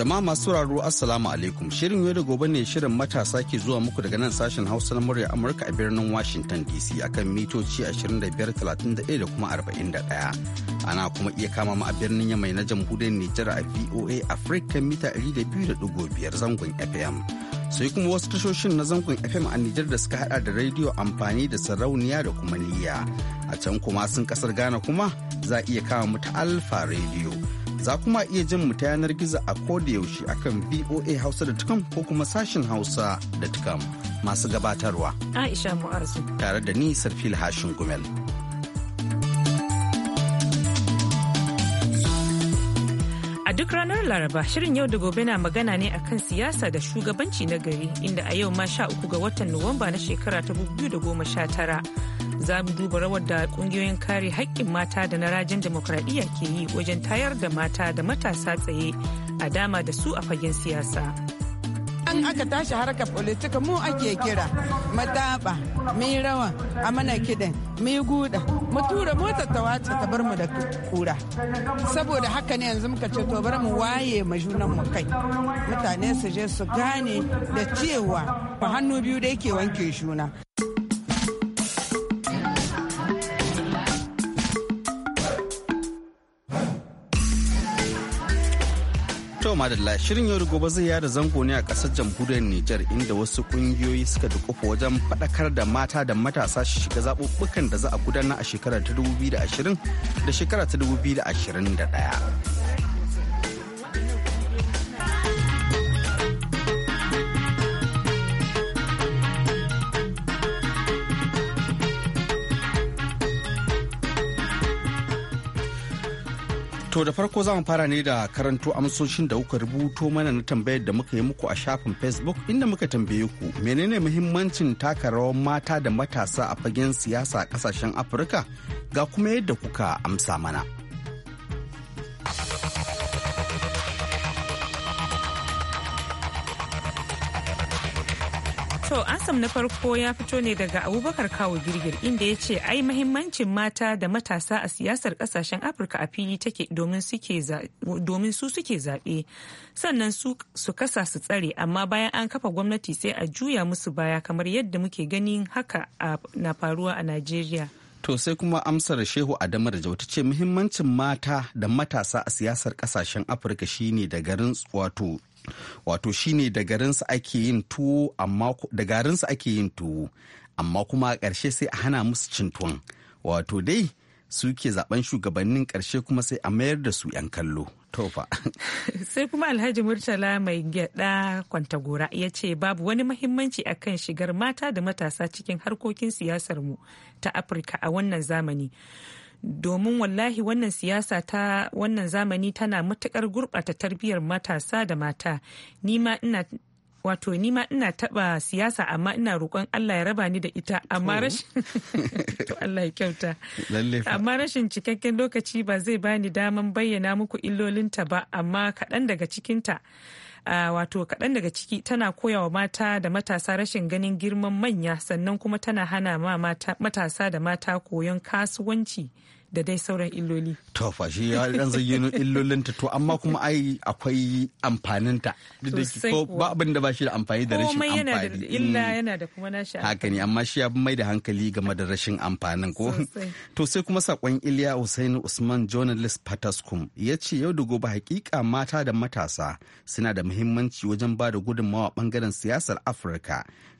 Jama'a masu sauraro Assalamu alaikum shirin yau da gobe ne shirin matasa ke zuwa muku daga nan sashen Hausa na murya Amurka a birnin Washington DC akan mitoci 2531 da kuma 41. Ana kuma iya kama ma a birnin Yamai na jamhuriyar Nijar a VOA Africa mita 200.5 zangon FM. Sai kuma wasu tashoshin na zangon FM a Nijar da suka hada da rediyo amfani da sarauniya da kuma niyya. A can kuma sun kasar Ghana kuma za a iya kama mu ta Alfa rediyo Za kuma iya jin mu ta yanar gizo a yaushe akan VOA Hausa.com ko kuma sashin Hausa.com masu gabatarwa. Aisha Mu'azu. Tare da ni Sarfil Hashin Gumel. A duk ranar Laraba shirin yau da gobe na magana ne akan siyasa da shugabanci na gari inda a yau ma sha uku ga watan Nuwamba na shekara ta 2019 za mu duba rawar da kungiyoyin kare haƙƙin mata da na rajin demokradiyya ke yi wajen tayar da mata da matasa tsaye a dama da su a fagen siyasa. An aka tashi harkar politika mu ake kira mataba mai rawa a mana kiɗan mai guda mu tura mota ta wace ta bar mu da kura saboda haka ne yanzu muka ce to bar mu waye ma junan mu kai mutane su je su gane da cewa hannu biyu da yake wanke shuna. To shirin yau gobe zai yada zango ne a kasar jamhuriyar Nijar inda wasu ƙungiyoyi suka da kofa wajen faɗakar da mata da matasa su shiga zaɓuɓɓukan da za a gudanar a shekarar ta 2020 da shekarar 2021. To da farko za mu fara ne da karanto amsoshin da kuka rubuto mana na tambayar da muka yi muku a shafin Facebook inda muka tambaye ku menene muhimmancin taka rawar mata da matasa a fagen siyasa a kasashen Afirka ga kuma yadda kuka amsa mana. To Asam na farko ya fito ne daga Abubakar Kawo Girgir inda ya ce ai mahimmancin mata da matasa a siyasar kasashen Afirka a fili take domin su suke zaɓe sannan su kasa su tsare amma bayan an kafa gwamnati sai a juya musu baya kamar yadda muke ganin haka na faruwa a Najeriya. To sai kuma amsar Shehu Adamu da Jauta ce muhimmancin mata da matasa a siyasar kasashen Afirka shine da garin wato wato shine da garinsu ake yin tuwo amma ake yin tuwo amma kuma a ƙarshe sai a hana musu cin tuwon wato dai suke zaben shugabannin ƙarshe kuma sai a mayar da su 'yan kallo tofa sai kuma alhaji murtala mai gyada kwantagora ya ce babu wani mahimmanci akan shigar mata da matasa cikin harkokin siyasar mu ta afirka a wannan zamani domin wallahi wannan siyasa ta wannan zamani tana matukar gurɓata tarbiyyar matasa da mata nima ina wato ni ma ina taba siyasa amma ina roƙon Allah ya raba ni da ita amma rashin cikakken lokaci ba zai bani daman bayyana muku illolinta ba amma kaɗan daga cikinta. wato kaɗan daga ciki tana koya wa mata da matasa rashin ganin girman manya sannan kuma tana hana ma matasa da mata koyon kasuwanci da dai sauran illoli. To fa shi ya dan zayyano ta to amma kuma ai akwai amfaninta. Ko ba abin da ba shi da amfani da rashin amfani. Komai yana da illa mm. yana da kuma nashi. Haka ne amma shi ya mai da hankali game da rashin amfanin ko. To sai kuma sakon Iliya Hussein Usman journalist Pataskum ya ce yau da gobe hakika mata da matasa suna da muhimmanci wajen ba da gudunmawa bangaren siyasar Afirka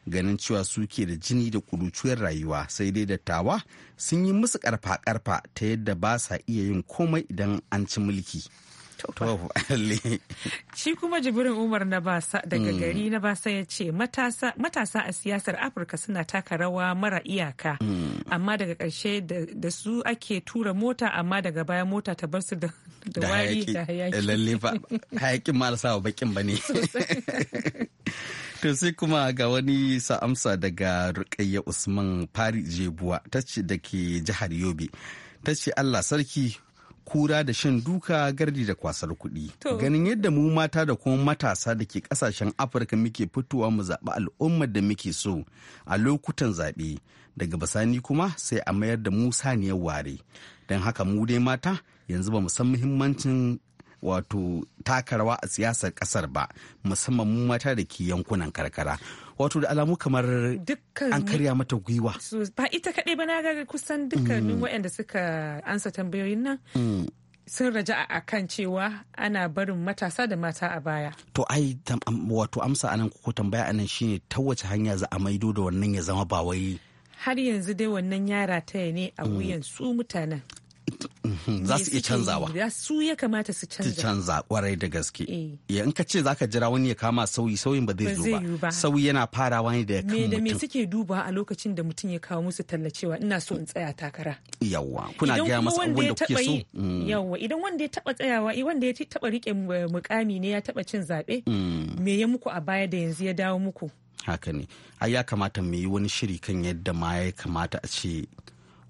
ganin cewa suke da jini da kuruciyar rayuwa sai dai dattawa sun yi musu karfa-karfa ta yadda ba sa iya yin komai idan an ci mulki. Shi kuma jibirin Umar na basa daga mm. gari na basa ya ce matasa a siyasar Afirka suna taka rawa mara iyaka mm. amma daga ƙarshe da su ake tura mota amma daga baya mota ta bar su da wari da hayaki. ba hayakin marasa wa bakin ba ne. To sai kuma ga wani sa amsa daga Rukayya Usman Fari Jebuwa ta ce da ke jihar Yobe. Ta ce Allah sarki kura da shan duka gardi da kwasar kuɗi. Ganin yadda mu mata da kuma matasa da ke ƙasashen Afirka muke fitowa mu zaɓi al'ummar da muke so a lokutan zaɓe. Daga basani kuma sai a mayar da mu saniyar ware. Don haka mu dai mata yanzu ba mu san muhimmancin wato taka rawa a siyasar kasar ba musamman mu mata da ke yankunan karkara wato da alamu kamar an karya mata gwiwa ba ita kaɗai ba na ga kusan dukkanin mm. waɗanda suka ansa tambayoyin nan mm. sun raja a kan cewa ana barin matasa da mata a baya. To ai wato amsa anan ko tambaya anan shine ta wace hanya za a maido da wannan ya zama ba wai har yanzu dai wannan yara taya ne a mm. wuyan su mutanen. Mhm, za su iya canzawa su ya kamata su canza canza kwarai da gaske eh. ya in ka ce za ka jira wani ya kama sauyi sauyin ba zai zo ba sauyi yana farawa ne ya kan mutum me da me suke duba a lokacin da mutum ya kawo musu tallacewa ina so in tsaya takara yawa kuna gaya masa da kuke so mm. yawa idan wanda ya taba tsayawa wanda ya taba rike mukami eh, ne ya taba cin zabe mm. me ya muku a baya da yanzu ya dawo muku haka ne ai ya kamata mu yi wani shiri kan yadda ma ya kamata a ce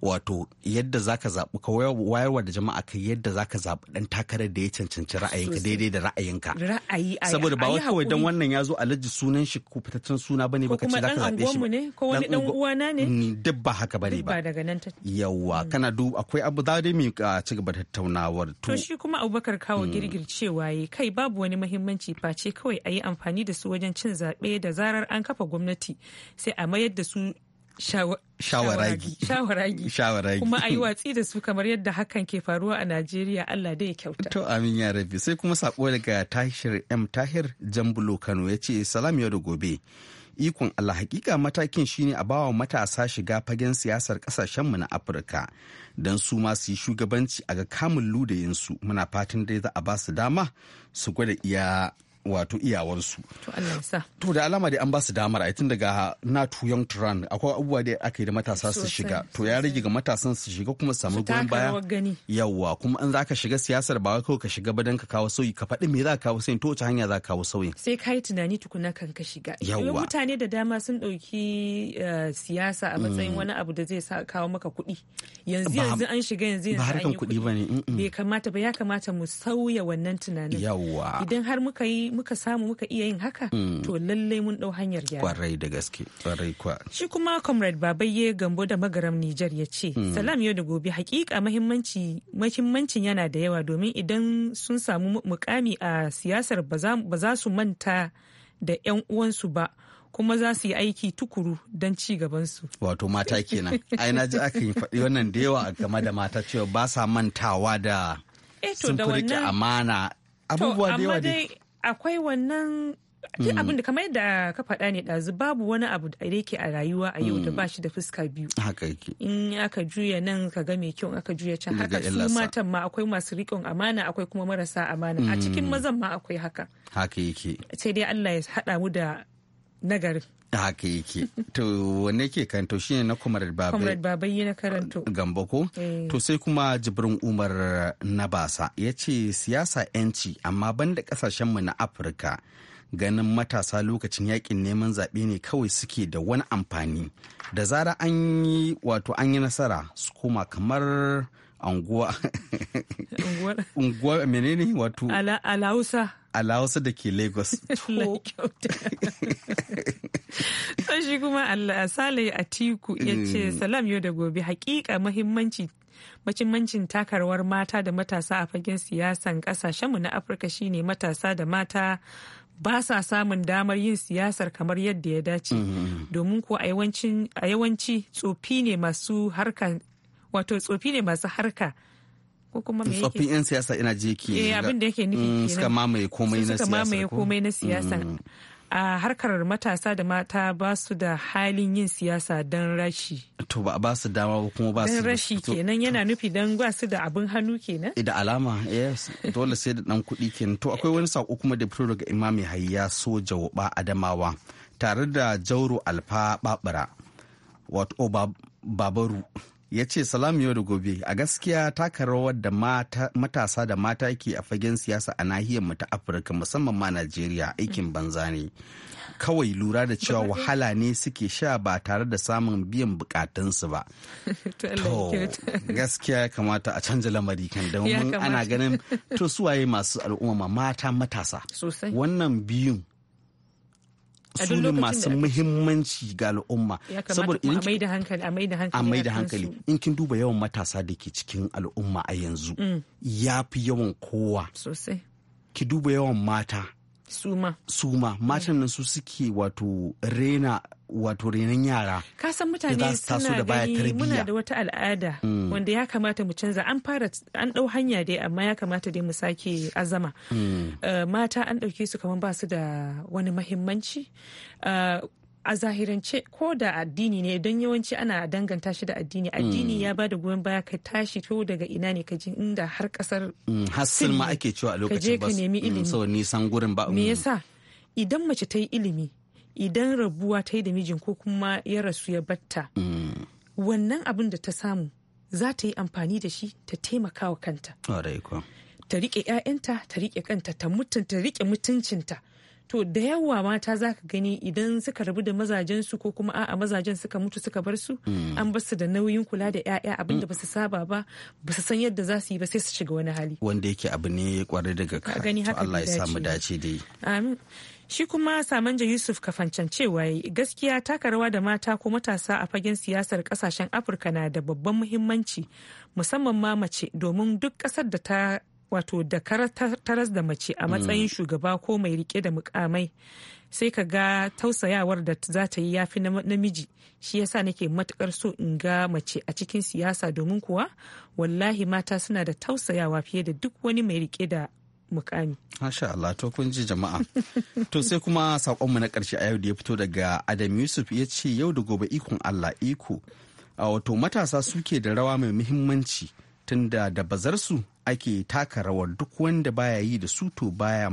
wato yadda zaka zaɓi ka wayarwa da jama'a kai yadda zaka zaɓi dan takarar da ya cancanci ra'ayinka daidai da ra'ayinka ra'ayi saboda ba wai kawai dan wannan ya zo laji sunan shi ko fitaccen suna bane baka ce zaka zaɓe shi ne ko wani dan uwana ne mm, duk ba haka bane ba daga nan yawa mm. kana du akwai abu da dai mu ci gaba tattaunawar to shi kuma Abubakar kawo mm. girgir cewa kai babu wani muhimmanci face kawai a yi amfani da su wajen cin zaɓe da zarar an kafa gwamnati sai a mayar da su shawaragi shawaragi shawaragi kuma ayi watsi da su kamar yadda hakan ke faruwa a Najeriya Allah dai ya kyauta to amin ya rabi sai kuma sako daga Tahir M Tahir Jambulo Kano ya ce salam yau da gobe ikon Allah hakika matakin shine a bawa matasa shiga fagen siyasar kasashenmu na Afirka don su ma su yi shugabanci a ga kamun ludayinsu muna fatan dai za a ba su dama su gwada iya wato iyawarsu. To da alama dai an ba su damar tun daga to Young Turan akwai abubuwa da aka yi da matasa su shiga. To ya rage ga matasan su shiga kuma su samu goyon baya. Yawwa kuma an za ka shiga siyasar ba kawai ka shiga ba dan ka kawo sauyi ka faɗi me za ka kawo sauyi to wace hanya za ka kawo sauyi. Sai ka yi tunani tukuna kan ka shiga. Yawwa. Mutane da dama sun ɗauki eh, siyasa a matsayin mm. wani abu da zai kawo maka kuɗi. Yanzu yanzu an shiga yanzu yanzu an yi kuɗi. kuɗi ba ne. Bai kamata ba ya kamata mu sauya wannan tunanin. Yawwa. Idan har muka yi muka samu muka iya yin haka mm. to lallai mun dau hanyar gyara kwarai da gaske kwarai kwa shi kuma comrade babaye gambo da magaram Nijar ya ce mm. salam yau da gobe hakika mahimmanci mahimmancin yana da yawa domin idan sun samu mukami a siyasar ba za su manta da yan uwansu ba kuma za su yi aiki tukuru don ci gabansu. Wato mata kenan. Ai na ji aka yi faɗi wannan da yawa game da mata cewa ba sa mantawa da eh, sun amana abubuwa da yawa dai. akwai wannan duk hmm. abin da kamar yadda ka faɗa ne ɗazu babu wani abu da yake a rayuwa a yau da hmm. bashi da fuska biyu in aka juya nan ka ga mai kyau aka juya can haka su matan ma akwai masu riƙon amana akwai kuma marasa amana a cikin hmm. mazan ma akwai haka haka yake sai dai Allah ya haɗa mu da na garin haka yake to wanne ke karanto shi ne na comrade babai comrade babai yi na karanto gamba ko eh. to sai kuma jibrin umar na basa ya ce siyasa yanci amma banda kasashenmu na afirka ganin matasa lokacin yakin neman zaɓe ne kawai suke da wani amfani da zara an yi wato an yi nasara su koma kamar anguwa unguwa menene wato alausa alausa da ke lagos to shi kuma allah atiku ya ce mm. salam yau da gobe hakika muhimmanci mahimmancin takarwar mata da matasa a fagen siyasan kasashenmu na afirka shine matasa da mata ba sa samun damar yin siyasar kamar yadda ya dace mm-hmm. domin ko a yawanci tsofi ne masu harkar wato tsofi ne masu harka ko kuma me tsoffin yan siyasa ina je ke eh, abin da yake nufi mm, suka mamaye komai na siyasa suka mamaye komai na siyasa mm. a harkar matasa da mata ba su da halin yin siyasa don rashi. To ba ba su dama ko kuma ba su. Don rashi kenan yana nufi don ba su da abin hannu kenan? Eh, da alama yes dole sai da dan kuɗi kenan. To akwai wani sako kuma da fito daga Imami Hayya Soja Wuba Adamawa tare da Jauro Alfa Babura wato Babaru. ya ce salam yau da gobe a gaskiya taka rawar da matasa da mata ke a fagen siyasa a nahiyar mu ta afirka musamman ma najeriya aikin banza ne kawai lura da cewa wahala ne suke sha ba tare da samun biyan bukatunsu ba to gaskiya ya kamata a canza lamari kan domin ana ganin to suwaye masu al'umma mata matasa wannan biyun su ne masu muhimmanci ga al'umma saboda a mai da hankali in kin duba yawan matasa da ke cikin al'umma a yanzu mm. ya fi yawan kowa ki duba yawan mata suma suma matan nan su suke wato rena wato renan yara ka san mutane suna gani muna da wata al'ada mm. wanda ya kamata mu canza an fara an dau hanya dai amma ya kamata dai mu sake azama mm. eh, mata an dauke su kamar ba su da wani mahimmanci eh, a zahirance ko da addini ne don yawanci ana danganta shi da addini mm. addini ya ba da goyon baya ka tashi to daga ina ne ka ji inda har kasar mm, hasil ma ake cewa a lokacin ba ka nemi mm, ilimi saboda nisan gurin ba me yasa idan mace ta yi ilimi idan rabuwa ta yi da mijin ko kuma ya rasu ya batta wannan abin da ta samu za ta yi amfani da shi ta taimaka wa kanta ta riƙe 'ya'yanta ta rike kanta ta mutunta riƙe mutuncinta to da yawa mata za ka gani idan suka rabu da mazajen su ko kuma a'a mazajen suka mutu suka bar su hmm. an bar su da nauyin kula da 'ya'ya abinda hmm. ba su saba ba ba su san yadda za su yi ba sai su shiga wani hali wanda yake abu ne kwarai daga ka to Allah ya samu dace dai amin shi kuma samanja yusuf kafancan cewa gaskiya taka rawa da mata ko matasa a fagen siyasar kasashen afirka na da babban muhimmanci musamman ma mace domin duk kasar da ta wato da taras da mace a mm. matsayin shugaba ko mai rike da mukamai sai ka ga tausayawar da za ta yi yafi namiji shi yasa nake matukar so in ga mace a cikin siyasa domin kuwa wallahi mata suna da tausayawa fiye da duk wani mai rike da mukami. Masha Allah to kun ji jama'a. to sai kuma sakonmu na ƙarshe a yau da ya fito daga Adam Yusuf ya ce yau da gobe ikon Allah iko. A wato matasa suke da rawa mai muhimmanci tunda da bazarsu ake taka rawar duk wanda baya yi da su to baya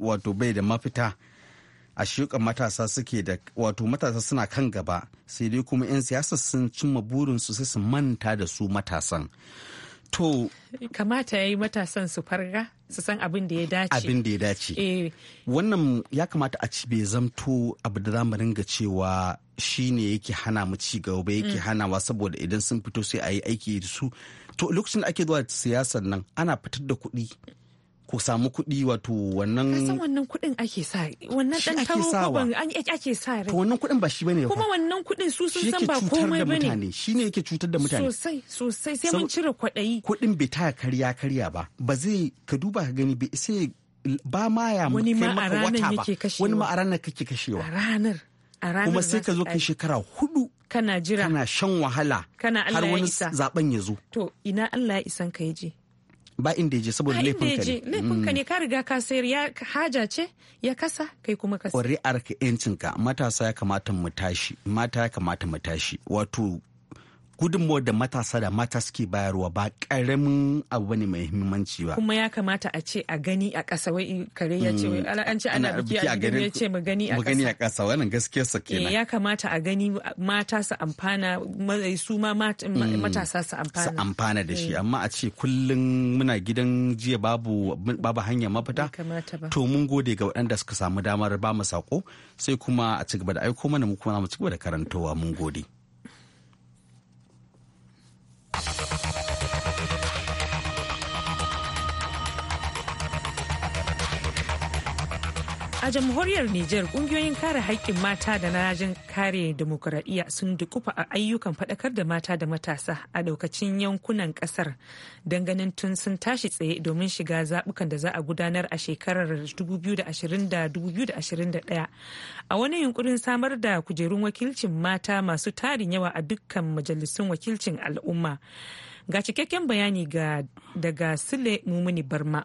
wato bai da mafita a shuka matasa suke da wato matasa suna kan gaba sai dai kuma 'yan siyasa sun cimma burinsu sai su manta da su matasan to kamata ya yi matasan su farga su san abin da ya dace abin da ya dace eh. wannan ya kamata a ci bai zamto abu da zamu ringa cewa shi ne yake hana mu ci gaba yake mm. hanawa saboda idan sun fito sai a yi aiki da su to lokacin da ake zuwa siyasar nan ana fitar da kuɗi ko samu kuɗi wato wannan wannan kuɗin ake sa wannan dan taro kuɗin an ake sa rai to wannan kuɗin ba shi bane kuma wannan kuɗin su sun san ba komai bane shine yake cutar da mutane sosai sosai sai mun cire kwaɗayi kuɗin bai taya karya karya ba ba zai ka duba ka gani bai sai ba ma ya wani ma a ranar yake kashewa wani ma a ranar kake kashewa a ranar a ranar kuma sai ka zo kai shekara hudu kana jira kana shan wahala kana Allah har wani zaben ya zo to ina Allah ya isan ka yaje ba inda je saboda laifin ka ne laifin ka mm. ne ka riga ka sayar ya haja ce ya kasa kai kuma kasa. ƙuri'ar yancin ka matasa ya kamata mu tashi mata ya kamata mu tashi wato gudunmuwar da matasa da mata suke bayarwa ba karamin abu ne mai muhimmanci ba kuma ya kamata a ce a gani a ƙasa wai kare ya ce mm. an ce ana biki a gani ya ce mu gani a ƙasa wannan gaskiya sa kenan eh, ya kamata a gani mata su amfana su ma mm. matasa su amfana su amfana da shi eh. amma a ce kullum muna gidan jiya babu babu hanya mafita to mun gode ga waɗanda suka samu damar ba mu sako sai kuma a ci gaba da aiko mana mu kuma mu ci gaba da karantowa mun gode Thank you. A jamhuriyar Nijar kungiyoyin kare haƙƙin mata da najin kare demokuraɗiyya sun dukufa a ayyukan faɗakar da mata da matasa a ɗaukacin yankunan ƙasar danganin tun sun tashi tsaye domin shiga zaɓukan da za a gudanar a shekarar 2020-2021 a wani yunkurin samar da kujerun wakilcin mata masu tarin yawa a dukkan majalisun wakilcin al'umma. Ga cikakken bayani daga Sule Mumuni Barma.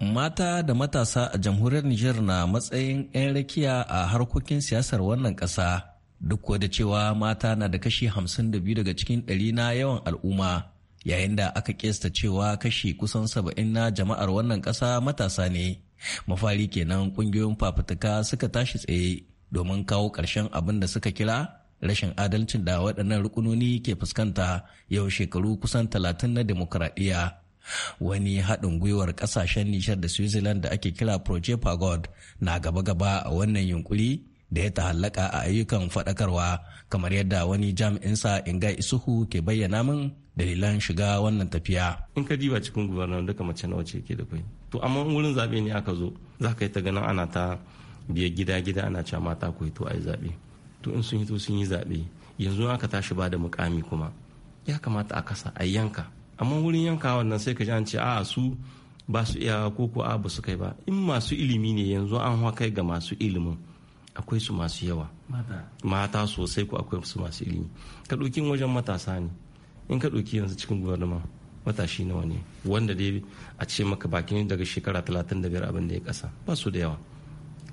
Mata da matasa a jamhuriyar Nijar na matsayin 'yan rakiya a harkokin siyasar wannan ƙasa duk da cewa mata na da kashi 52 daga cikin ɗari na yawan al'umma yayin da aka kesta cewa kashi kusan 70 na jama'ar wannan ƙasa matasa ne. Mafari kenan ƙungiyoyin fafutuka suka tashi tsaye domin kawo ƙarshen abin da suka kira rashin adalcin da waɗannan rukunoni ke fuskanta yau shekaru kusan 30 na demokuraɗiyya. wani haɗin gwiwar ƙasashen nishar da switzerland da ake kira proje pagod na gaba-gaba a wannan yunkuri da ya tahallaka a ayyukan faɗakarwa kamar yadda wani jami'insa inga isuhu ke bayyana min dalilan shiga wannan tafiya in ka diba cikin gubernan duka mace nawa ce ke da kai to amma wurin zaɓe ne aka zo za ka yi ta ganin ana ta biya gida-gida ana cewa mata ku hito a yi zaɓe to in sun hito sun yi zaɓe yanzu aka tashi ba da mukami kuma ya kamata a kasa a yanka amma wurin yankawa nan sai ka ji an ce a su ba su iya ko ko a ba su kai ba in masu ilimi ne yanzu an kai ga masu ilimin akwai su masu yawa mata sosai ko akwai su masu ilimi ka ɗauki wajen matasa ne in ka ɗauki yanzu cikin gwamnati matashi nawa ne wanda dai a ce maka bakin daga shekara 35 abin da ya kasa ba su da yawa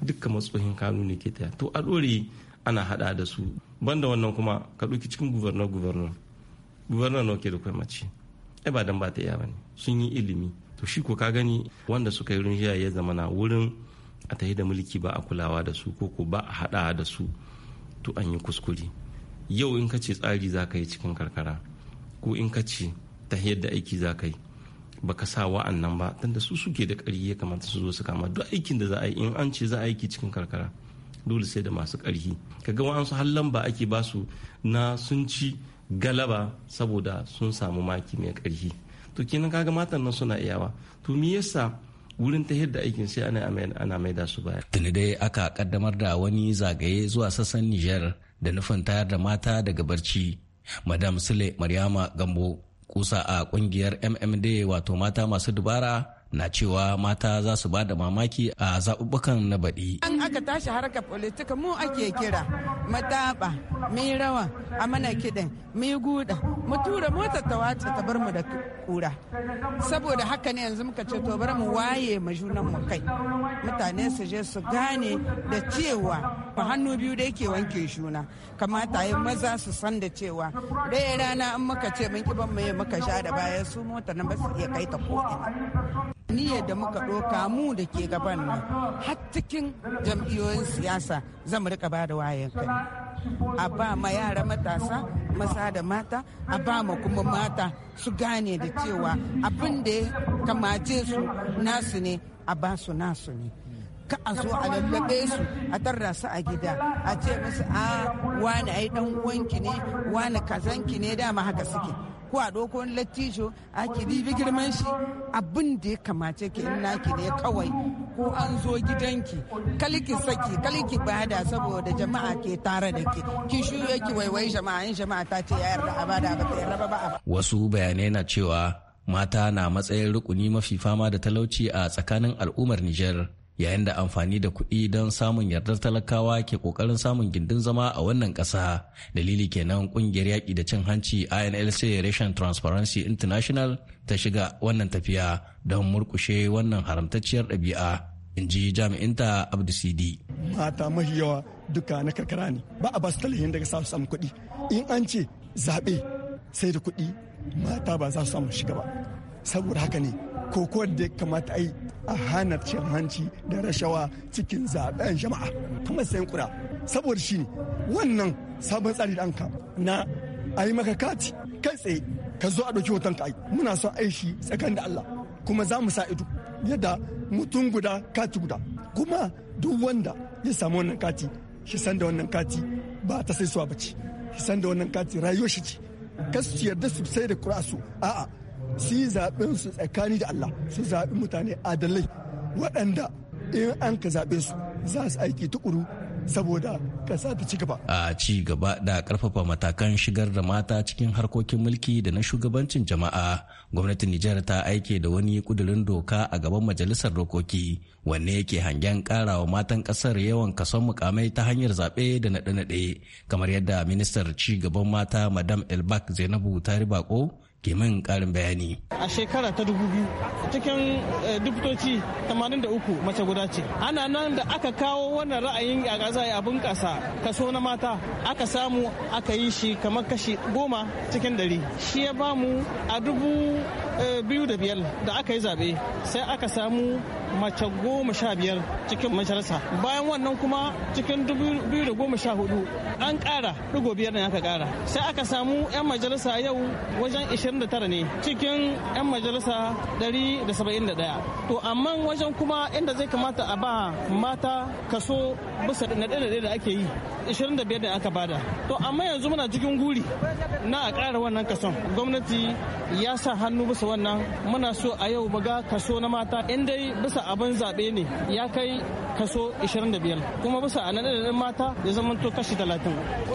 dukkan matsohin kanu ne ke taya to a ɗore ana hada da su banda wannan kuma ka ɗauki cikin gubernar gubernar gubernar nawa ke da kwai mace ai ba dan ba ta iya bane sun yi ilimi to shi ko ka gani wanda suka yi rinjiya ya zama na wurin a tahi da mulki ba a kulawa da su ko ko ba a hada da su to an yi kuskure yau in ka ce tsari za ka yi cikin karkara ko in ka ce ta da aiki za ka yi ka sa wa'annan ba tunda su suke da ƙari ya kamata su zo su kama duk aikin da za a yi in an ce za a aiki cikin karkara dole sai da masu ƙarfi kaga wa'ansu har lamba ake basu na sun ci galaba saboda sun samu maki mai ƙarfi to kenan kaga matan nan suna iyawa to me yasa wurin ta yadda aikin sai ana ana mai da su baya tuni dai aka kaddamar da wani zagaye zuwa sassan niger da nufin tayar da mata daga barci madam sule maryama gambo kusa a kungiyar mmd wato mata masu dubara na cewa mata za su ba da mamaki a zaɓuɓɓukan na baɗi. An aka tashi harka politika mu ake kira mataɓa, mai rawa, a mana kiɗan, mai guda, mu tura mota ta wace ta bar mu da kura. Saboda haka ne yanzu muka ce to bar mu waye ma junan mu kai. Mutane su je su gane da cewa ba hannu biyu da yake wanke juna. Kamata yi maza su san da cewa daya rana an muka ce mun ki ban mu muka sha da baya su mota na ba su iya kai ta ko niyyar da muka ɗoka mu da ke gaban nan har cikin jam'iyyoyin siyasa zan rika ba da wayan kai a ba ma yara matasa maza da mata a ba ma kuma mata su gane da cewa abin da ya kamace su nasu ne a ba su nasu ne ka a zo a lallabe su a tarra su a gida a ce musu a ah, wani ai dan uwanki ne wani kazanki ne dama haka suke ko a ɗauko wani lattijo a dibi girman shi abin da ya kamace ki in naki ne kawai ko an zo gidanki kaliki saki kaliki bada saboda jama'a ke tare da ke ki shu ki waiwai jama'a in jama'a ta ce ya yarda a bada ba ta yarda ba wasu bayanai na cewa mata na matsayin rukuni mafi fama da talauci a tsakanin al'ummar Nijar. yayin da amfani da kuɗi don samun yardar talakawa ke ƙoƙarin samun gindin zama a wannan ƙasa dalili kenan ƙungiyar yaƙi da cin hanci inlc Russian transparency international ta shiga wannan tafiya don murƙushe wannan haramtacciyar ɗabi'a in ji jami'inta abdu sidi mata mafi yawa duka na karkara ne ba a basu talihin daga sa su samu kuɗi in an ce zaɓe sai da kuɗi mata ba za su samu shiga ba saboda haka ne kokowar da kamata a yi a hana cin hanci da rashawa cikin zaben jama'a ta sayan kura saboda shi ne wannan sabon tsari da anka na a yi maka kati kai tsaye ka zo a ɗauki hoton ka muna son aishi tsakan da Allah kuma za mu sa ido yadda mutum guda kati guda kuma duk wanda ya samu wannan kati shi san da wannan kati ba ta sai suwa bace shi san da wannan kati rayuwar shi ce kasu yarda su sai da su a'a su yi zaɓen su tsakani da Allah su zaɓi mutane adalai waɗanda in an ka zaɓe su za su aiki tukuru saboda kasa ta ci gaba. A ci gaba da karfafa matakan shigar da mata cikin harkokin mulki da na shugabancin jama'a, gwamnatin Nijar ta aike da wani kudurin doka a gaban majalisar dokoki wanne yake hangen karawa matan ƙasar yawan kason mukamai ta hanyar zaɓe da naɗe-naɗe, kamar yadda ministar ci gaban mata Madam Elbak Zainabu ta riba ko. ke min karin bayani. A shekara ta dubu biyu cikin eh, dubutoci uku mace guda ce. Ana nan da aka kawo wannan ra'ayin a gaza a bunƙasa kaso na mata aka samu aka yi shi kamar kashi goma cikin dari. Shi ya bamu a dubu eh, biyu da biyar da aka yi zaɓe sai aka samu mace goma sha biyar cikin majalisa bayan wannan kuma cikin dubu biyu da goma sha hudu an ƙara ɗigo biyar ne aka ƙara sai aka samu 'yan majalisa yau wajen ishirin 29 ne cikin 'yan majalisa 171 to amma wajen kuma inda zai kamata a ba mata kaso bisa naɗe-naɗe da ake yi 25 da aka bada to amma yanzu muna cikin guri na a ƙara wannan kason gwamnati ya sa hannu bisa wannan muna so a yau baga kaso na mata inda dai bisa abin zaɓe ne ya kai kaso 25 kuma bisa a naɗaɗaɗin mata ya zama to kashi 30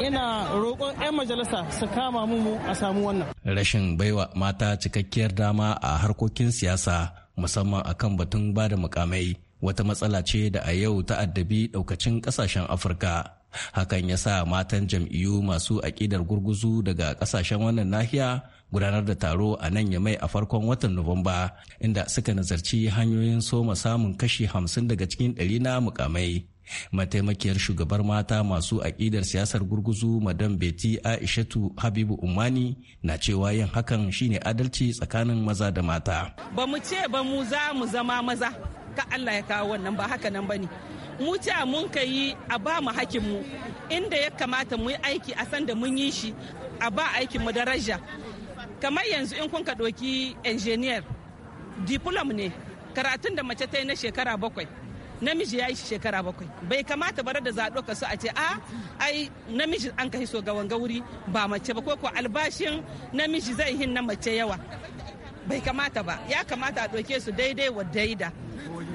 ina roƙon 'yan majalisa su kama mu a samu wannan rashin bai baiwa mata cikakkiyar dama a harkokin siyasa musamman akan batun ba da mukamai wata matsala ce da a yau ta addabi daukacin kasashen afirka hakan ya sa matan jam'iyyu masu aƙidar gurguzu daga kasashen wannan nahiya gudanar da taro a nan ya mai a farkon watan nuwamba inda suka nazarci hanyoyin soma samun kashi hamsin daga cikin ɗari na mukamai mataimakiyar shugabar mata masu aƙidar siyasar gurguzu madam beti aishatu habibu umani na cewa yin hakan shine adalci tsakanin maza da mata ba mu ce ba mu za mu zama maza ka allah ya kawo wannan ba haka nan ba ne mu ce mun ka yi a ba mu hakinmu inda ya kamata mu yi aiki a san da mun yi shi a ba aikin mu daraja kamar yanzu in kun ka ɗoki engineer diplom ne karatun da mace ta yi na shekara bakwai namiji ya yi shekara bakwai bai kamata bare da zaɗo ka a ce a ai namiji an kai so ga wanga wuri ba mace ba ko ko albashin namiji zai hin na mace yawa bai kamata ba ya kamata a ɗauke su daidai wa daida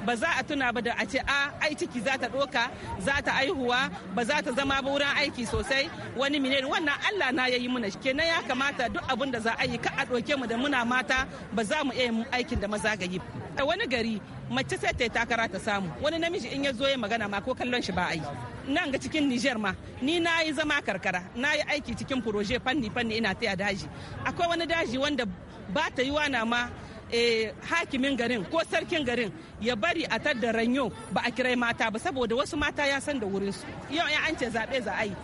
ba za a tuna ba da a ce a ah, ai ciki za ta ɗoka za ta aihuwa ba za ta zama ba wurin aiki sosai wani mine wannan Allah na ya yayi muna kenan ya kamata duk abin da za a yi ka a ɗauke mu da muna mata ba za mu iya aikin da maza ga yi a wani gari mace sai ta yi takara ta samu wani namiji in ya zo ya magana ma ko kallon shi ba a yi nan ga cikin Nijar ma ni na yi zama karkara na yi aiki cikin proje fanni fanni ina taya daji akwai wani daji wanda ba ta yi wana ma Eh, hakimin garin ko sarkin garin ya bari a tadda ranyo ba a kirai mata ba saboda wasu mata ya san da su yau ya an ce zaɓe za a yi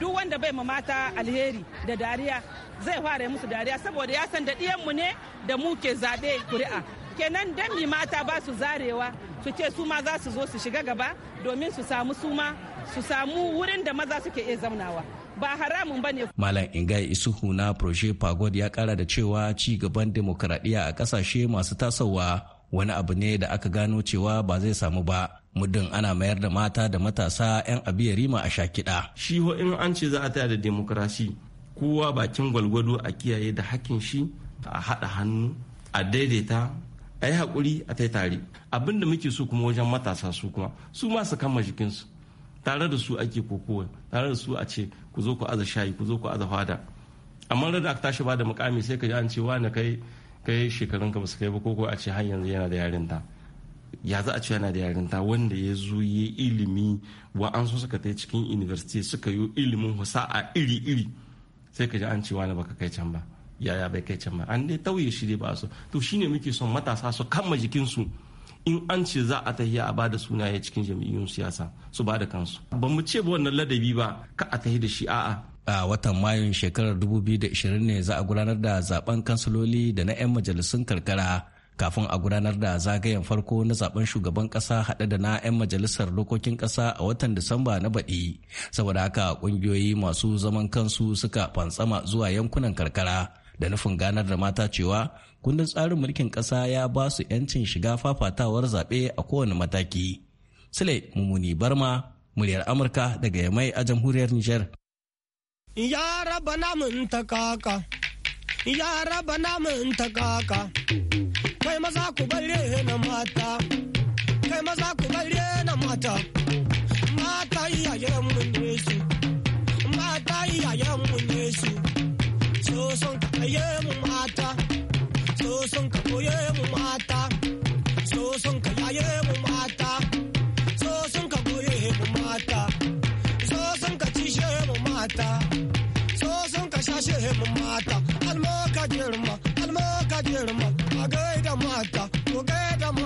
duk wanda bai ma mata alheri da dariya zai fara musu dariya saboda ya san da mu ne da mu ke zaɓe kuri'a kenan dami mata ba su zarewa su ce su ma za su zo su shiga gaba domin su samu suma su samu wurin da maza suke iya zaunawa ba haramun ba ne. malam ingai isuhu na proje pagod ya kara da cewa ci gaban demokradiyya a ƙasashe masu tasowa wani abu ne da aka gano cewa ba zai samu ba muddin ana mayar da mata da matasa 'yan abiya rima a shakida shi ho in an ce za a taya da demokrasi kowa bakin gwalgwado a kiyaye da hakkin shi a haɗa hannu a daidaita a yi haƙuri a tai tare abin da muke so kuma wajen matasa su kuma su ma kama jikinsu tare da su ake kokowa tare da su a ce ku zo ku aza shayi ku zo ku aza fada amma da aka tashi ba da mukami sai ka ji an ce wani kai kai shekarun ka basu kai ba koko a ce har yanzu yana da yarinta ya za a ce yana da yarinta wanda ya zo ya ilimi wa an so suka ta cikin university suka yi ilimin a iri-iri sai ka ji an ce wani baka kai can ba yaya bai kai can ba an dai tauye shi dai ba so to shine muke son matasa su kama jikinsu su in an ce za a tahiya a bada sunaye cikin jam'iyyun siyasa su bada kansu ba mu ce ba wannan ladabi ba ka a tahi da shi a'a a watan mayun shekarar 2020 ne za a gudanar da zaben kansiloli da na 'yan majalisun karkara kafin a gudanar da zagayen farko na zaben shugaban kasa haɗe da na 'yan majalisar dokokin kasa a watan disamba na baɗi saboda haka ƙungiyoyi masu zaman kansu suka fantsama zuwa yankunan karkara da nufin ganar da mata cewa kundin tsarin mulkin ƙasa ya ba su 'yancin shiga fafatawar zaɓe a kowane mataki. Sule Mumuni Barma, muryar Amurka daga Yamai a jamhuriyar Nijar. Ya raba namun ta ya raba namun ta kai maza ku bare mata, kai maza ku bare mata.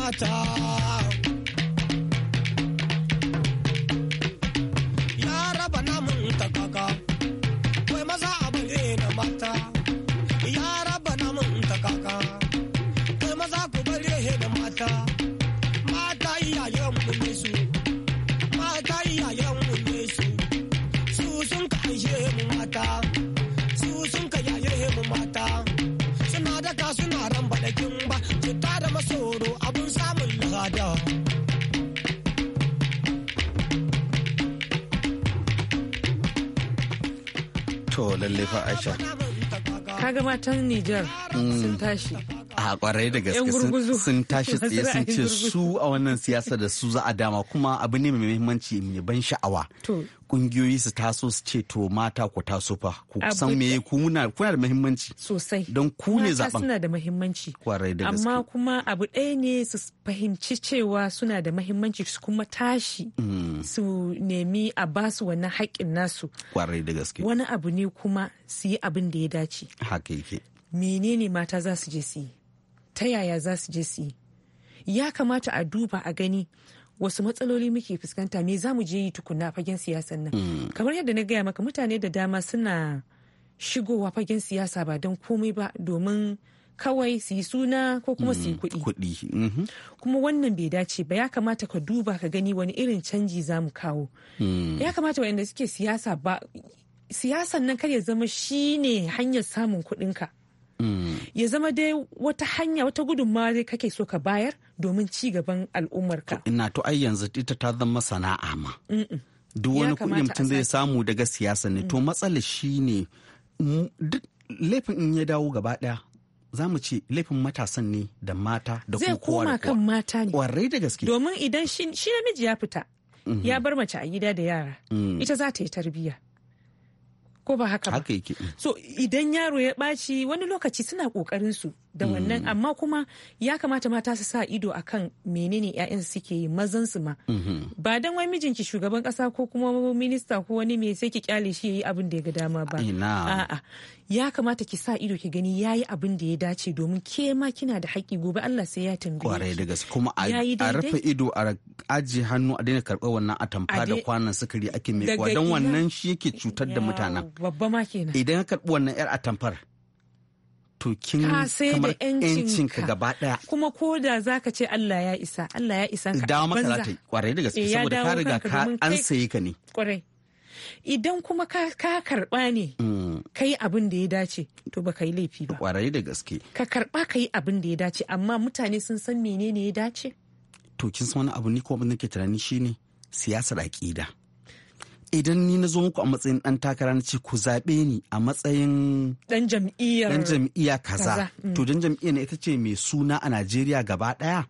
mata. matan Nijar sun tashi. kwarai da gaske sun tashi tsaye sun ce su a wannan siyasa da su za a dama kuma abu ne mai muhimmanci mai ban sha'awa kungiyoyi su taso su ce to mata ku taso fa ku san me ku muna kuna da muhimmanci sosai don ku ne zaben suna da muhimmanci kwarai da gaske amma kuma abu ɗaya ne su fahimci cewa suna da muhimmanci su kuma tashi mm. su nemi a ba su wannan haƙƙin nasu kwarai da gaske wani abu ne kuma su yi abin da ya dace Hakiki. menene mata za su je su yi ta yaya za su je su ya kamata a duba a gani wasu matsaloli muke fuskanta me za mu je yi tukuna fagen siyasan nan mm. kamar yadda na gaya maka mutane da dama suna shigowa fagen siyasa ba don komai ba domin kawai su yi suna ko kuma su yi mm. kuɗi. Mm-hmm. Kuma wannan bai dace ba ya kamata ka duba ka gani wani irin canji za mu kawo. Mm. Ya kamata waɗanda suke siyasa ba siyasan nan kar ya zama shine hanyar samun kuɗinka. ya zama dai wata hanya wata gudunmawa dai kake so ka bayar domin ci gaban al'ummarka ina to ai yanzu ita ta zama sana'a ma duk wani kuɗi mutum zai samu daga siyasa ne to mm. matsalar shi ne duk laifin in ya dawo gaba ɗaya za mu ce laifin matasan ne da mata da kuma kowa zai koma kan mata ne Warai da gaske domin idan shi namiji ya fita ya mm-hmm. bar mace a gida da yara mm. ita za ta yi tarbiyya ko ba haka ba so idan yaro ya ɓaci wani lokaci suna ƙoƙarin su da wannan mm. amma kuma ya kamata mata su sa ido akan menene 'ya'yan suke yi mazan su ma mm-hmm. ba dan wai mijinki shugaban kasa ko kuma minista ko wani me sai ki kyale shi yayi abin da ya ga dama ba a'a ya kamata ki sa ido ki gani yayi abin da ya dace domin ke ma kina da haƙƙi gobe Allah sai ya tambaye kwarai da gaske kuma a rufe ido a aji hannu a daina karɓar wannan atamfa da kwanan sukari ake mai dan wannan shi yake cutar da mutanen babba ma kenan idan ka karɓi wannan yar atamfar to kin kamar yancin ka gaba daya kuma ko da zaka ce Allah ya isa Allah ya isa ka dawo maka za ta yi kwarai da gaske eh, saboda ka riga ka an sayi ka ne kwarai idan kuma ka karba ne mm. ka yi abin da ya dace to ba ka yi laifi ba kwarai da gaske ka karba ka yi abin da ya dace amma mutane sun san menene ya dace to kin san wani abu ni ko abin da ke tunani shine siyasar aƙida idan ni na zo muku a matsayin dan takara na ce ku zaɓe ni a matsayin dan jam'iyyar jam'iyya kaza mm. to dan jam'iyyar ita ce mai suna a Najeriya gaba daya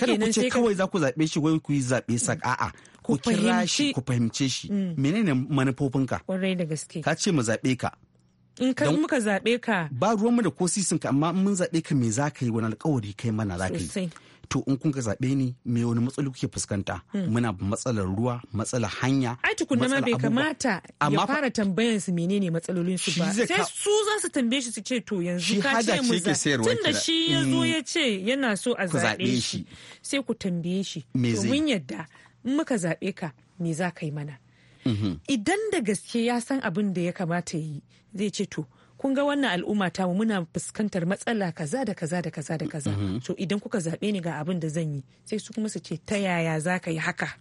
kada ku ce kawai za ku zaɓe shi wai ku yi zaɓe sa mm. a'a ku kira shi ku fahimce shi mm. menene manufofinka kwarai da gaske ka ce mu zaɓe ka in kai muka zaɓe ka ba ruwanmu da ko sisin ka amma mun zaɓe ka me za ka yi wani alkawari kai mana za ka yi to in kun ka zaɓe ni me wani matsala kuke fuskanta hmm. muna matsalar ruwa matsalar hanya ai tukunna ma bai kamata ya fara tambayan su menene matsalolin su ba sai su za su tambaye shi su ce to yanzu ka ce mu tunda shi ya zo mm. ya ce yana so a zaɓe shi sai ku tambaye shi domin yadda muka zaɓe ka me za ka yi mana mhm. idan da gaske ya san abin da ya kamata ya yi zai ce to kun ga wannan al'umma ta muna fuskantar matsala kaza da kaza da kaza da kaza mm-hmm. to idan kuka zaɓe ni ga abin da zan yi sai su kuma su ce ta yaya za ka yi haka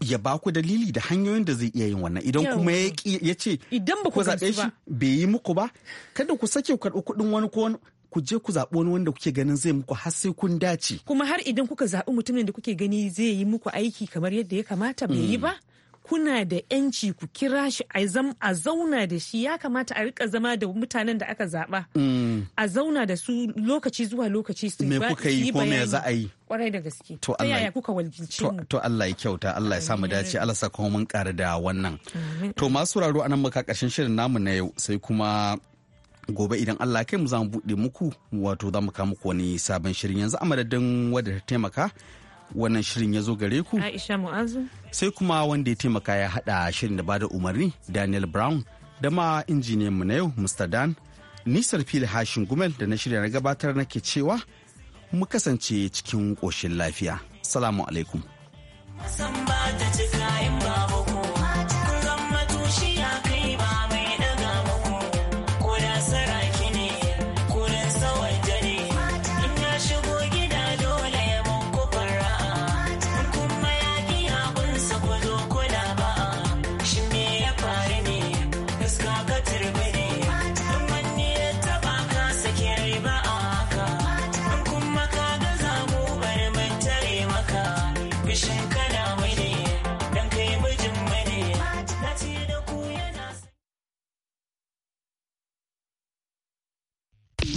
ya ba ku dalili da hanyoyin da zai iya yin wannan idan kuma ya ce idan ba ku zaɓe shi bai yi muku ba kada ku sake ku karɓi kuɗin wani ko wani ku je ku zaɓi wani wanda kuke ganin zai muku har sai kun dace kuma har idan kuka zaɓi mutumin da kuke gani zai yi muku aiki kamar yadda ya kamata bai yi mm. ba kuna da yanci ku kira shi a zauna da shi ya kamata a rika zama da mutanen da aka zaba mm. a zauna da su lokaci zuwa lokaci su me kuka yi ko me za a yi kwarai da gaske to Allah ya kuka walgince mu to Allah ya kyauta Allah ya samu dace Allah sa kuma mun ƙara da wannan to masu sauraro anan muka karshen shirin namu na yau sai kuma gobe idan Allah kai mu za mu buɗe muku wato za mu kawo muku wani sabon shirin yanzu a madadin wadda ta taimaka wannan shirin ya zo gare ku aisha mu'azu sai kuma wanda ya taimaka ya hada shirin da bada umarni daniel brown da ma injiniyan mu na yau mr dan nisar fili hashim gumel da na shirya na gabatar nake cewa mu kasance cikin ƙoshin lafiya salamu alaikum